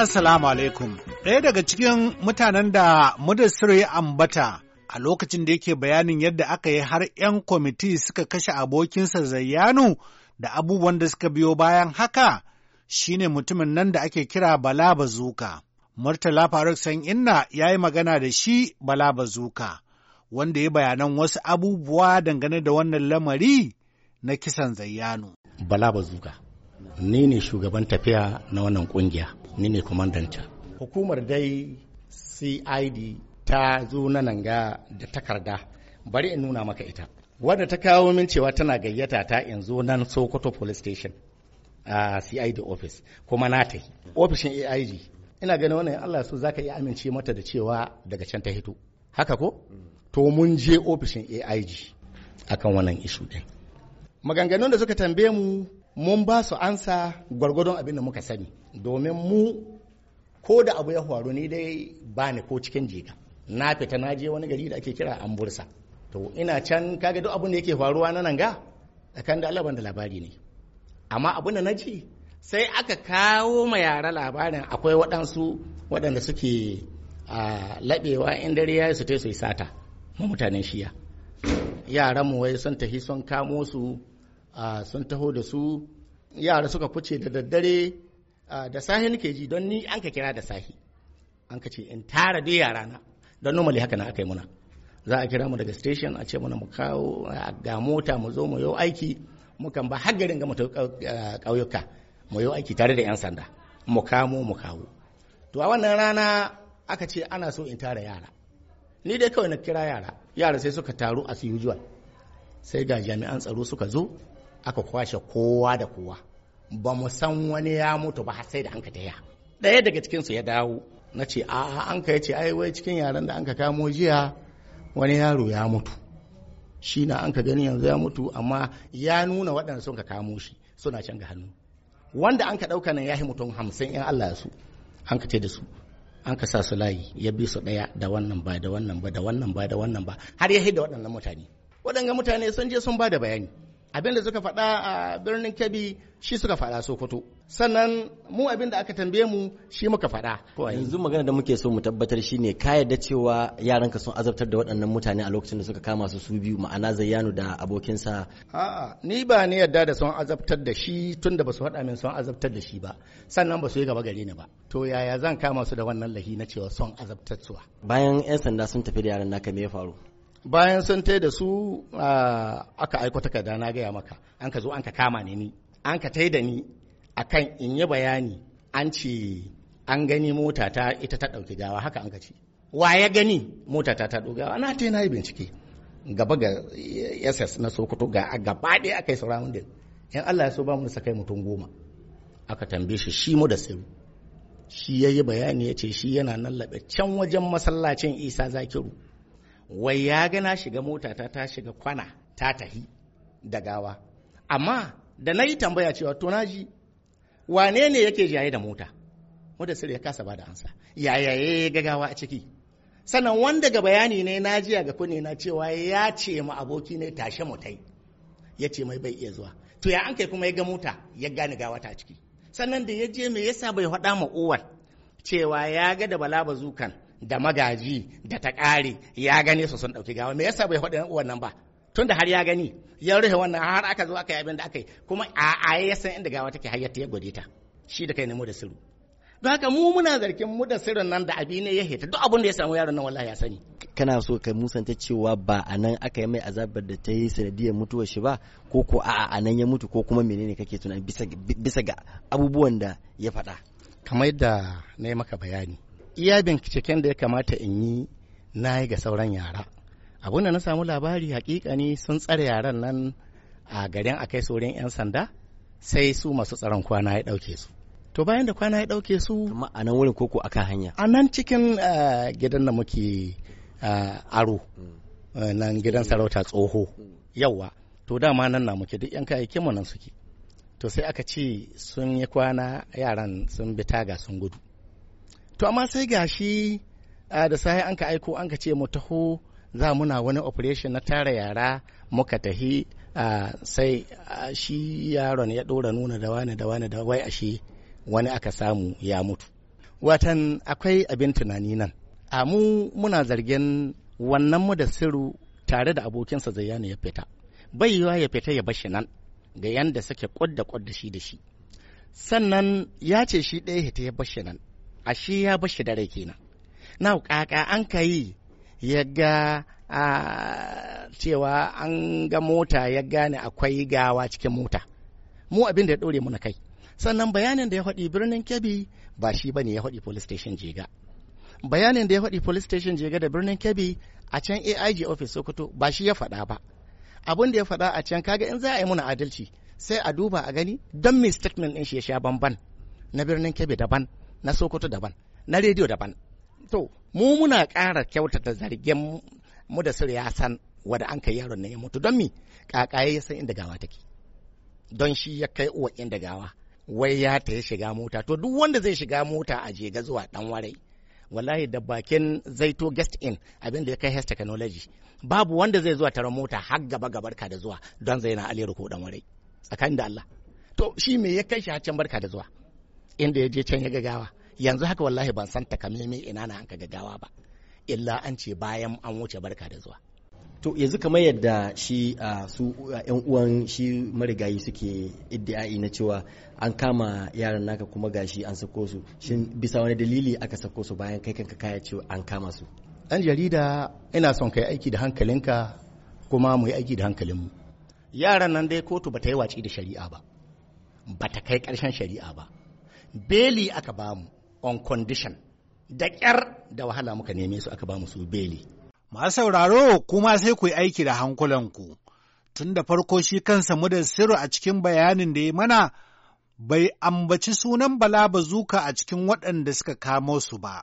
assalamu alaikum. Ɗaya daga cikin mutanen da Mudassir ya ambata a lokacin da yake bayanin yadda aka yi har 'yan kwamiti suka kashe abokinsa Zayyanu da abubuwan da suka biyo bayan haka shine mutumin nan da ake kira Bala Bazuka. Murtala Faruk San Inna ya yi magana da shi Bala Bazuka, wanda ya bayanan wasu abubuwa dangane da wannan lamari na kisan Zayyanu. Bala Bazuka. ni ne shugaban tafiya na wannan kungiya ni ne kwamandanta hukumar dai cid ta zo na nan ga da takarda bari in nuna maka ita wadda ta kawo min cewa tana gayyata ta in zo nan sokoto police station a cid office kuma na ta ofishin aig ina ganin wannan allah so zaka iya amince mata da cewa daga can ta hito haka ko to mun je ofishin aig akan wannan ishu din maganganun da suka tambaye mu mun ba su ansa gwargwadon abin da muka sani domin mu ko da abu ya faru ni dai ba ni ko cikin jika na fita na je wani gari da ake kira ambursa to ina can kaga duk abin da yake faruwa na nan ga tsakanin da Allah da labari ne amma abin da na ji sai aka kawo ma yara labarin akwai waɗansu waɗanda suke a laɓewa in dare ya su su yi sata mutanen shiya yaran mu wai sun tafi sun kamo su sun taho da su yara suka fice da daddare da sahi nake ji don ni an ka kira da sahi an ka ce in tara dai yara na don normally haka na aka yi muna za a kira mu daga station a ce muna mu kawo ga mota mu zo mu yau aiki mukan ba har garin ga mu ƙauyuka mu yau aiki tare da 'yan sanda mu kamo mu kawo to a wannan rana aka ce ana so in tara yara ni dai kawai na kira yara yara sai suka taru as usual sai ga jami'an tsaro suka zo aka kwashe kowa da kowa ba mu san wani ya mutu ba har sai da an ka taya ɗaya daga cikinsu ya dawo na ce a an ka ce ai wai cikin yaran da an ka kamo jiya wani yaro ya mutu shi na an ka gani yanzu ya mutu amma ya nuna waɗanda sun ka kamo shi suna can ga hannu wanda an ka ɗauka nan ya yi mutum hamsin in Allah ya su an ka ce da su an ka sa su layi ya bi su ɗaya da wannan ba da wannan ba da wannan ba da wannan ba har ya da waɗannan mutane Waɗanga mutane sun je sun ba da bayani abin da suka faɗa a birnin kebbi shi suka faɗa sokoto sannan mu abin da aka tambaye mu shi muka faɗa yanzu magana da muke so mu tabbatar shine ka yarda cewa yaranka sun azabtar da waɗannan mutane a lokacin da suka kama su su biyu ma'ana zayyanu da abokinsa a'a ni ba ni yarda da sun azabtar da shi tun da ba su faɗa min sun azabtar da shi ba sannan ba su yi gaba gare ni ba to yaya zan kama su da wannan lahi na cewa sun azabtar bayan 'yan sanda sun tafi da yaran naka me ya faru bayan sun tai da su aka aiko takarda na gaya maka an ka zo an ka kama ni ni an ka tai da ni akan in yi bayani an ce an gani mota ta ita ta ɗauki gawa haka an ka ce wa ya gani mota ta ta gawa na tai na yi bincike gaba ga ss na sokoto ga gaba ɗaya aka yi sauraron da in allah ya so ba mu da sakai mutum goma aka tambaye shi shi mu da siru shi ya yi bayani ya ce shi yana nan laɓe can wajen masallacin isa zakiru wai ya gana shiga mota ta ta shiga kwana ta tahi da gawa amma da na yi tambaya cewa to na ji wane ne yake jaye da mota wanda sai ya kasa bada ansa yaya ya gagawa a ciki sannan wanda ga bayani ne na jiya ga kunne na cewa ya ce ma aboki ne tashe mutai ya ce mai bai iya zuwa to ya an kai kuma ya ga mota ya gane gawa a ciki sannan da ya je me yasa bai faɗa ma uwar cewa ya ga da bala bazukan da magaji da ta ƙare ya gane su sun ɗauki gawa me yasa bai faɗi uwan nan ba tun da har ya gani ya rufe wannan har aka zo aka yi abin da aka yi kuma a a ya san inda gawa take har ya gode ta shi da kai ne mu da siru don haka mu muna zargin mu da sirrin nan da abi ne ya heta duk abin da ya samu yaron nan wallahi ya sani kana so ka musanta cewa ba a nan aka yi mai azabar da ta yi sanadiyar mutuwar shi ba ko ko a'a a nan ya mutu ko kuma menene kake tunani bisa ga abubuwan da ya faɗa kamar yadda na yi maka bayani iya binciken da ya kamata in yi na yi ga sauran yara abun da na samu labari hakika ne sun tsare yaran nan a garin akai saurin 'yan sanda sai su masu tsaron kwana ya dauke su to bayan da kwana ya dauke su a nan wurin koko akan hanya a nan cikin eh, gidan da muke eh, aro mm. eh, nan gidan mm. sarauta tsoho mm. yawa to dama nan na muke duk 'yan kayayyakin mu nan suke to sai aka ce sun yi kwana yaran sun bi taga sun gudu to amma sai gashi ah, da sai an ka aiko an ka ce mu taho za muna wani operation na tara yara muka tahi ah, sai ah, shi yaron ya ɗora nuna da wani da wani da wai ashe wani aka samu ya mutu watan akwai abin tunani nan a mu muna zargin wannan mu da siru tare da abokinsa zayyano ya fita bai yiwa ya fita ya bashi nan ga yanda suke kwadda kwadda shi da shi sannan ya ce shi ɗaya hita ya bashi nan ashe ya bashi da rai kenan na kaka an ka yi ya ga cewa an ga mota ya gane akwai gawa cikin mota mu abin da ya ɗore mu na kai sannan bayanin da ya faɗi birnin kebi ba shi bane ya faɗi police station jega bayanin da ya haɗi police station jega da birnin kebi a can aig office sokoto ba shi ya faɗa ba abin da ya faɗa a can kaga in za a yi muna adalci sai a duba a gani don mai statement ɗin shi ya sha bamban na birnin kebi daban na sokoto daban na rediyo daban to mu muna ƙara kyautata zargen mu da sir ya san wada an kai yaron nan ya mutu don mi kakaye ya san inda gawa take don shi ya kai uwa inda gawa wai ya ta ya shiga mota to duk wanda zai shiga mota a jega zuwa dan warai wallahi da bakin zaito guest in abin da ya kai health technology babu wanda zai zuwa tara mota har gaba gabar ka da zuwa don zai na alero ko dan warai tsakanin da Allah to shi me ya kai shi har can barka da zuwa inda ya je can ya gagawa yanzu haka wallahi ban san takamaimai ina na hanka gagawa ba illa an ce bayan an wuce barka da zuwa to yanzu kamar yadda shi su yan uwan shi marigayi suke iddiai na cewa an kama yaran naka kuma gashi an sako su shin bisa wani dalili aka sako su bayan kai kanka kaya cewa an kama su dan jarida ina son kai aiki da hankalinka kuma mu yi aiki da hankalinmu yaran nan dai kotu bata yi watsi da shari'a ba bata kai karshen shari'a ba beli aka bamu on condition da ƙyar da wahala muka neme su aka bamu su beli masu sauraro kuma sai ku aiki da hankulanku tun da farko shi kansa siru a cikin bayanin da ya mana bai ambaci sunan bala bazuka a cikin waɗanda suka kamo su ba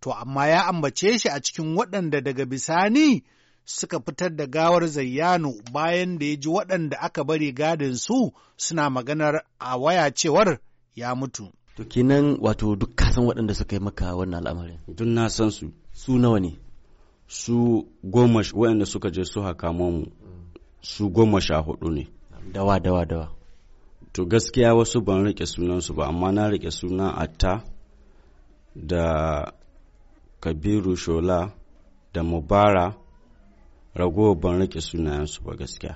to amma ya ambace shi a cikin waɗanda daga bisani suka fitar da gawar Zayyano bayan da ya ji waɗanda aka bari gadin su suna maganar a waya cewar ya mutu. To kenan wato duk ka san waɗanda suka yi maka wannan al'amarin? Duk na san su. Su nawa ne? Su goma waɗanda suka je su haka mu su goma sha hudu ne. Dawa dawa dawa. To gaskiya wasu ban rike sunansu ba amma na rike sunan Atta da Kabiru Shola da Mubara ragowar ban rike sunayensu ba gaskiya.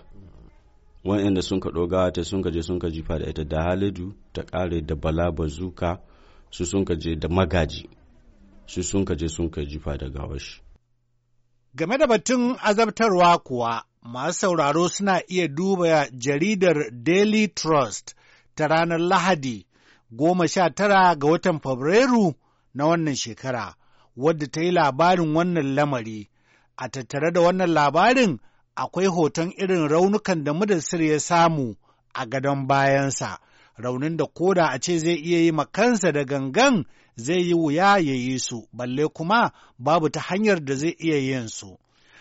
wa'anda sun ka ɗoga ta sun ka je sun ka jifa da ita da halidu ta ƙare da bala bazuka su sun ka je da magaji su sun ka je sun ka jifa da gawashi. Game da batun azabtarwa kuwa masu sauraro suna iya duba jaridar Daily Trust ta ranar Lahadi goma sha tara ga watan Fabrairu na wannan shekara, wadda ta yi labarin wannan lamari. A tattare da wannan labarin akwai hoton irin raunukan da Mudassir ya samu a gadon bayansa, raunin da koda a ce zai iya yi makansa da gangan zai yi wuya ya yi su, balle kuma babu ta hanyar da zai iya yin su.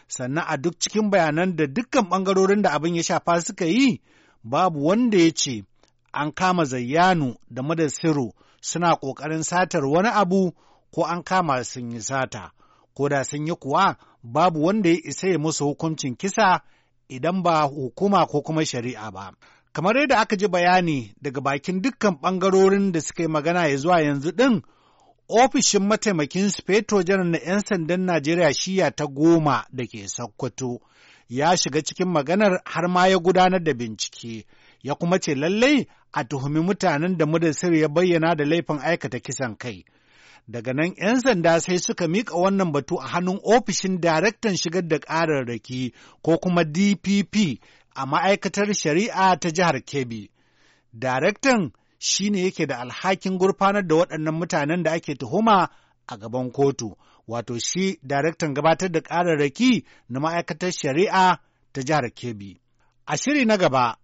Sannan a duk cikin bayanan da dukkan ɓangarorin da abin ya shafa suka yi, babu wanda ya ce an kama zayyanu da Mudassiru suna ƙoƙarin satar wani abu ko an kama sun yi sata, ko da sun yi kuwa babu wanda ya isa ya musu hukuncin kisa idan ba hukuma ko kuma shari'a ba. Kamar yadda aka ji bayani daga bakin dukkan ɓangarorin da suka yi magana ya zuwa yanzu ɗin, ofishin mataimakin Sufeto janar na 'yan sandan Najeriya shiya ta goma da ke sakkwato ya shiga cikin maganar har ma ya gudanar da bincike, ya kuma ce lallai a tuhumi mutanen da mudassir ya bayyana da laifin aikata kisan kai. Daga nan 'yan sanda sai suka mika wannan batu a hannun ofishin daraktan shigar da ƙararraki ko kuma DPP a ma'aikatar shari'a ta jihar Kebbi. Daraktan shi ne yake da alhakin gurfanar da waɗannan mutanen da ake tuhuma a gaban kotu, wato shi daraktan gabatar da ƙararraki na ma'aikatar shari'a ta jihar Kebbi. A shiri na gaba,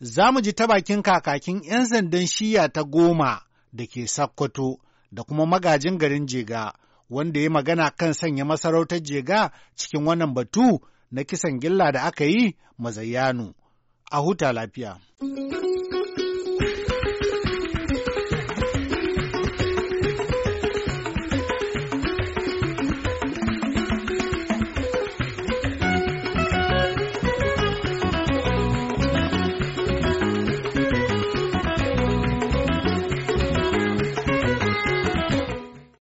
za mu ji ta bakin kakakin 'yan sandan shiya ta goma da ke Sakkwato, da kuma magajin garin Jega, wanda ya magana kan sanya masarautar Jega cikin wannan batu na kisan gilla da aka yi mazayyanu. A huta lafiya.